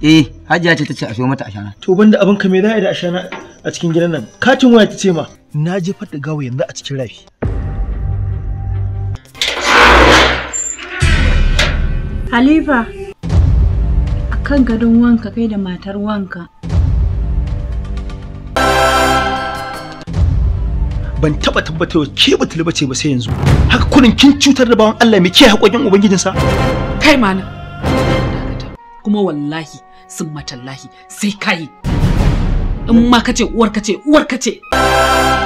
Eh, Hajiya ce ta ce a siyo mata ashana. To banda abin ka me za a yi da ashana a cikin gidan nan? Katin waya ta ce ma. Na je da gawo yanzu a cikin rafi. Halifa, a kan gadon wanka kai da matar wanka. Ban taba tabbatar ke batulu bace ba sai yanzu. Haka kunin kin cutar da bawan Allah me ke haƙoƙin ubangijinsa? Kai malam. kuma wallahi sun matallahi sai kayi in ma kace uwar kace uwar kace